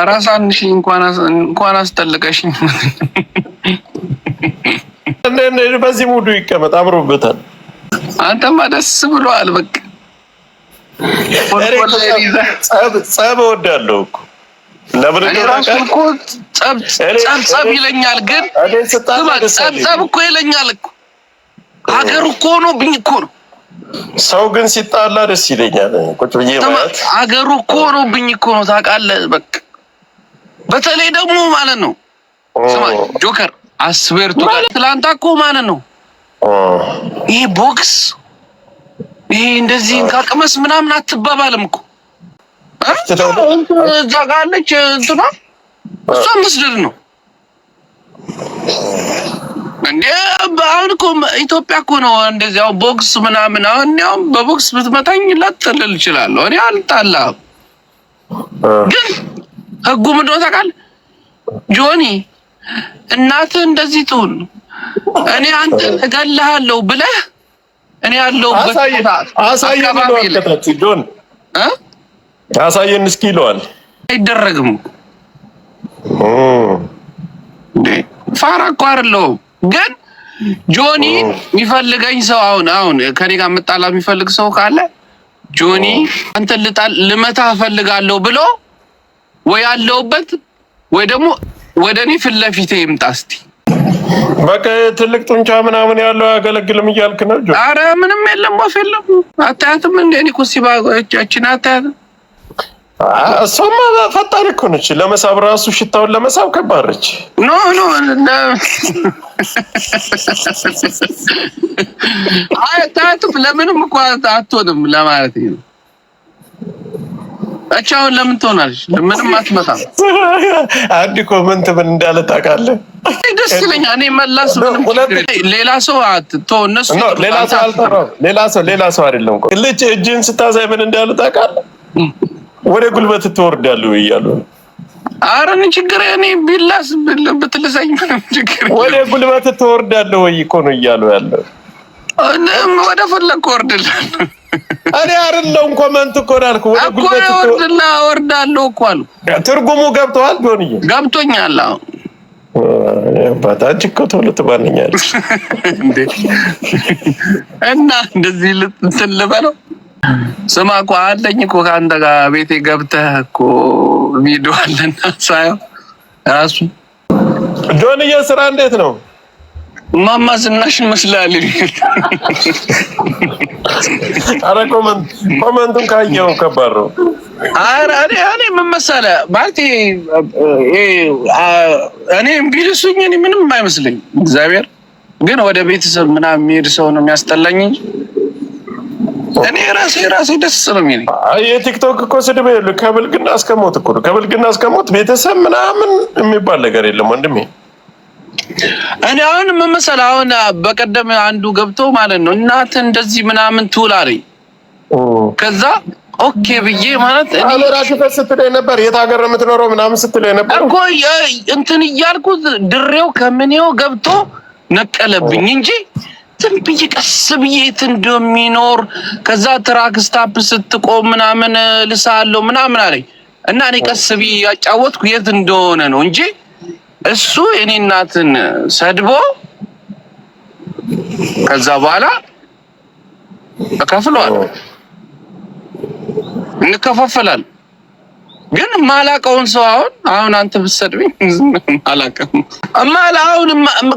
አራሳ እንኳን አስጠልቀሽኝ። በዚህ ሙዱ ይቀመጥ አምሮበታል። አንተማ ደስ ብሎሃል። በቃ ጸብ እወዳለሁ እኮ ለምን ጸብ ይለኛል? ግን ጸብ ጸብ እኮ ይለኛል እኮ ሀገር እኮ ነው ሆኖብኝ እኮ ነው ሰው ግን ሲጣላ ደስ ይለኛል። ቁጭ ብዬ ማለት አገሩ እኮ ነው ብኝ እኮ ነው ታውቃለህ። በቃ በተለይ ደግሞ ማለት ነው ጆከር አስቤርቱ ትላንታ እኮ ማለት ነው ይሄ ቦክስ ይሄ እንደዚህ ካቅመስ ምናምን አትባባልም እኮ እዛ ጋለች አለች እንትኗ እሷ መስደድ ነው እንዴ አሁን እኮ ኢትዮጵያ እኮ ነው ቦክስ ምናምን አሁን በቦክስ ብትመታኝ ላጥልል እችላለሁ። እኔ አልጣላም፣ ግን ህጉ ምንድን ነው ታውቃለህ? ጆኒ እናትህ እንደዚህ ትሁን እኔ አንተ እገልሃለሁ ብለህ እኔ ያለሁበት አሳየን ጆን አሳየን እስኪ ይለዋል። አይደረግም ፋራ እኮ አይደለሁም ግን ጆኒ የሚፈልገኝ ሰው አሁን አሁን ከኔ ጋር የምጣላ የሚፈልግ ሰው ካለ ጆኒ አንተ ልጣል ልመታ እፈልጋለሁ ብሎ ወይ ያለውበት ወይ ደግሞ ወደ እኔ ፊት ለፊቴ ይምጣ በቃ ትልቅ ጡንቻ ምናምን ያለው አያገለግልም እያልክ ነው? አረ ምንም የለም ወፍ የለም። አታያትም እንደ እኔ ኩሲ አታያትም እሷማ ፈጣን እኮ ነች። ለመሳብ ራሱ ሽታውን ለመሳብ ከባረች። ኖ ኖ ለምንም እኮ አትሆንም ለማለት ነው። አቻውን ለምን ትሆናለች? ለምንም አትመጣም። አንድ ኮመንት ምን እንዳለ ታውቃለህ? ደስ ይለኛል እኔ መላስ ሌላ ሰው አትቶ እነሱ ሌላ ሰው ሌላ ሰው ሌላ ሰው አይደለም ልጅ እጅን ስታሳይ ምን እንዳለ ታውቃለህ? ወደ ጉልበት ትወርዳለህ እያሉ አረ ምን ችግር እኔ ቢላስ ብትልሰኝ ምንም ችግር ወደ ጉልበት ትወርዳለህ ወይ እኮ ነው እያሉ ያለው ወደ ፈለግ እወርድልሃለሁ እኔ አይደለሁም ኮመንት እኮ ናልኩ ወደ ጉልበት ትወርድልህ እወርዳለሁ እኮ አሉ ትርጉሙ ገብቶሃል ዶንዬ ገብቶኛል አዎ አባታች እኮ ቶሎ ትባንኛለች እና እንደዚህ እንትን ልበለው ስማ እኮ አለኝ እኮ ከአንተ ጋር ቤቴ ገብተህ እኮ ቪዲዮ አለና ሳየው ራሱ ጆንዬ፣ ስራ እንዴት ነው? ማማ ዝናሽ ይመስላል። አረ ኮመንቱን ካየው ከባድ ነው። አረ እኔ ምን መሰለህ ማለት እኔ ቢልሱኝ እኔ ምንም አይመስለኝ። እግዚአብሔር ግን ወደ ቤተሰብ ምናምን የሚሄድ ሰው ነው የሚያስጠላኝ እንጂ እኔ ራሴ ራሴ ደስ ነው የሚለኝ። የቲክቶክ እኮ ስድብ የሉ ከብልግና እስከ ሞት እኮ ነው። ከብልግና እስከ ሞት ቤተሰብ ምናምን የሚባል ነገር የለም ወንድሜ። እኔ አሁን ምን መሰለህ፣ አሁን በቀደም አንዱ ገብቶ ማለት ነው እናት እንደዚህ ምናምን ትውላለች። ከዛ ኦኬ ብዬ ማለት እኔ ራሱ ስትለኝ ነበር የት ሀገር የምትኖረው ምናምን ስትለኝ ነበር እኮ እንትን እያልኩ ድሬው ከምኔው ገብቶ ነቀለብኝ እንጂ ዝም ብዬ ቀስ ብዬ የት እንደሚኖር ከዛ ትራክ ስታፕ ስትቆም ምናምን ልሳለሁ ምናምን አለኝ እና እኔ ቀስ ብዬ ያጫወትኩ የት እንደሆነ ነው እንጂ እሱ የኔ እናትን ሰድቦ ከዛ በኋላ እከፍለዋለሁ እንከፋፈላለን ግን ማላቀውን ሰው አሁን አሁን አንተ ብትሰድብኝ ማላቀው ማላ አሁን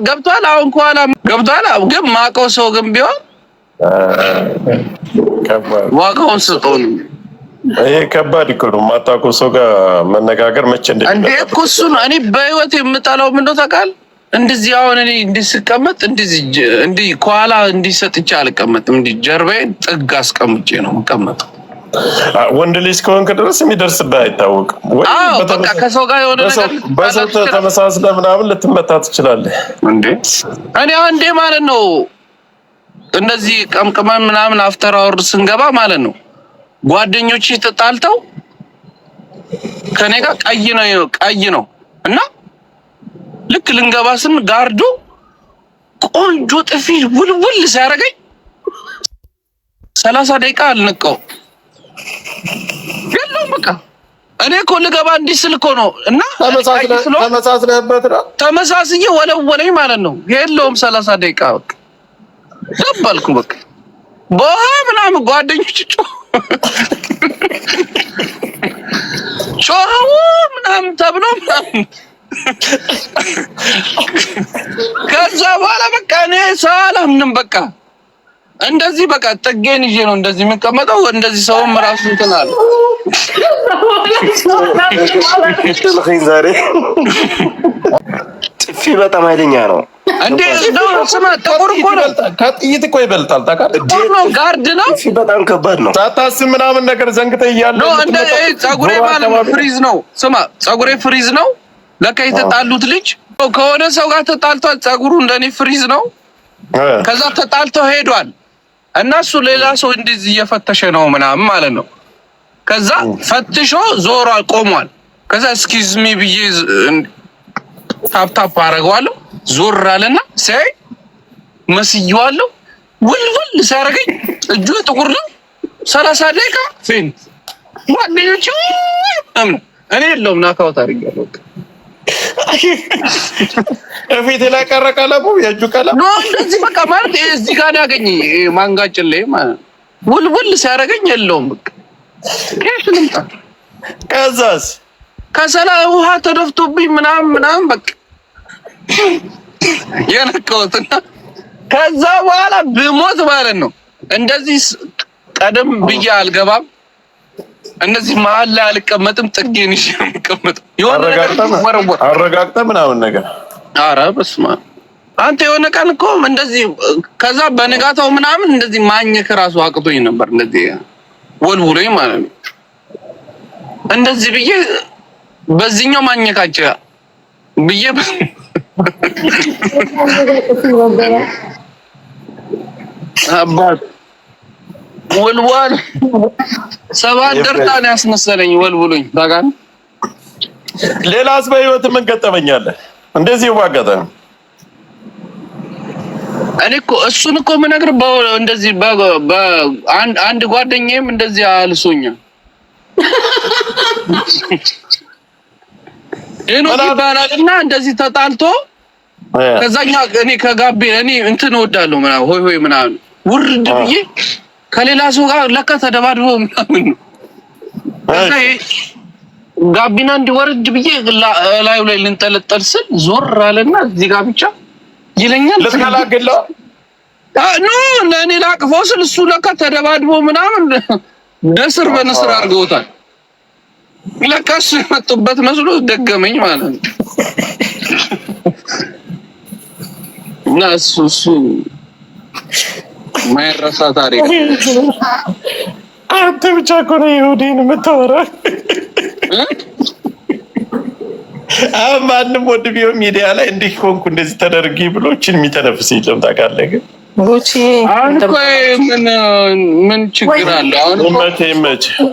ገብቷል። አሁን ከኋላ ገብቷል። ግን ማቀው ሰው ግን ቢሆን ዋጋውን ስጠውን። ይሄ ከባድ እኮ ነው። ማታውቀው ሰው ጋር መነጋገር መቼ እንደ እንዴ እኮ እሱ ነው። እኔ በህይወት የምጠላው ምን ነው ታውቃለህ? እንደዚህ አሁን እኔ እንዲህ ስቀመጥ እንደዚህ እንዲህ ከኋላ እንዲህ ሰጥቼ አልቀመጥም። እንዲህ ጀርባዬን ጥግ አስቀምጬ ነው የምቀመጠው። ወንድ ልጅ ከሆንክ ድረስ የሚደርስብህ አይታወቅም። በሰው ተመሳስለህ ምናምን ልትመታ ትችላለህ። እኔ አንዴ ማለት ነው እነዚህ ቀምቅመን ምናምን አፍተር አወርድ ስንገባ ማለት ነው ጓደኞች ተጣልተው ከኔ ጋር ቀይ ነው ቀይ ነው እና ልክ ልንገባ ስን ጋርዱ ቆንጆ ጥፊ ውልውል ሲያደርገኝ ሰላሳ ደቂቃ አልንቀው። የለውም በቃ እኔ እኮ ልገባ እንዲህ ስል እኮ ነው እና ተመሳስለህበት ነው ተመሳስዬ ወለወለኝ ማለት ነው። የለውም ሰላሳ ደቂቃ በቃ ደባልኩ በቃ በውሃ ምናምን ጓደኞች ጮ ጮኸው ምናምን ተብሎ ምናምን ከዛ በኋላ በቃ እኔ ሳላምንም በቃ እንደዚህ በቃ ጥጌን ይዤ ነው እንደዚህ የምቀመጠው። እንደዚህ ሰውም ራሱ ይችላል። ጥፊ በጣም ኃይለኛ ነው። እንዴ ነው ስማ፣ ጥቁር እኮ ነው። ከጥይት እኮ ይበልጣል። ታውቃለህ ነው ጋርድ ነው። ጥፊ በጣም ከባድ ነው። ሳታስብ ምናምን ነገር ዘንግተህ እያለ ነው። እንደ ማለት ፍሪዝ ነው። ስማ ጸጉሬ ፍሪዝ ነው። ለካ የተጣሉት ልጅ ከሆነ ሰው ጋር ተጣልቷል። ጸጉሩ እንደኔ ፍሪዝ ነው። ከዛ ተጣልተው ሄዷል። እናሱ ሌላ ሰው እንደዚህ እየፈተሸ ነው ምናምን ማለት ነው። ከዛ ፈትሾ ዞራ ቆሟል። ከዛ እስኪዝ ሚ ብዬ ታፕታፕ አደርገዋለሁ። ዞር አለና ሳይ መስየዋለሁ። ውልውል ሲያደርገኝ እጁ ጥቁር ነው። ሰላሳ ደቂቃ ፌንት ጓደኞች እኔ የለውም ናካውት አድርጌያለሁ። እፊት ላይ ቀረ ቀለሙ የእጁ ቀለም እንደዚህ በቃ ማለት እዚህ ጋር ያገኝ ማንጋጭን ላይ ውልውል ሲያደርገኝ የለውም በቃ ከዛስ ከሰላ ውሃ ተደፍቶብኝ ምናምን ምናምን በቃ የነካሁትና ከዛ በኋላ ብሞት ማለት ነው እንደዚህ ቀደም ብዬ አልገባም እነዚህ መሀል ላይ አልቀመጥም። ጥጌን ይዤ ነው የምቀመጠው። አረጋግጠ ምናምን ነገር አረ በስመ አብ አንተ የሆነ ቀን እኮ እንደዚህ ከዛ በንጋታው ምናምን እንደዚህ ማኘክ ራሱ አቅቶኝ ነበር። እንደዚህ ወልውሎኝ ማለት ነው። እንደዚህ ብዬ በዚህኛው ማኘካቸ ብዬ አባት ወልዋል ሰባት እርታ ነው ያስመሰለኝ። ወልውሉኝ ታጋ ሌላ በህይወት ምን ገጠመኛለህ? እንደዚህ ይዋገጠ እኔ እኮ እሱን እኮ የምነግርህ እንደዚህ አንድ ጓደኛዬም እንደዚህ አልሶኛል። ሄኖክ ይባላል እና እንደዚህ ተጣልቶ ከዛኛ እኔ ከጋቤ እኔ እንትን እወዳለሁ ምናምን ሆይ ሆይ ምናምን ውርድ ብዬ ከሌላ ሰው ጋር ለካ ተደባድቦ ምናምን ነው። ጋቢና እንዲወርድ ብዬ ላዩ ላይ ልንጠለጠል ስል ዞር አለና እዚህ ጋር ብቻ ይለኛል። ልትገላግለው ኖ ለእኔ ላቅፎ ስል እሱ ለካ ተደባድቦ ምናምን ደስር በንስር አድርገውታል። ለካ እሱ የመጡበት መስሎ ደገመኝ ማለት ነው። እና እሱ እሱ ማይረሳ ታሪክ። አንተ ብቻ እኮ ነው ይሁዲን የምታወራው። አሁን ማንም ወድ ቢሆን ሚዲያ ላይ እንዲህ ሆንኩ እንደዚህ ተደርጊ ብሎችን የሚተነፍስ የለም። ታውቃለህ ግን ምን ችግር አለ? አሁን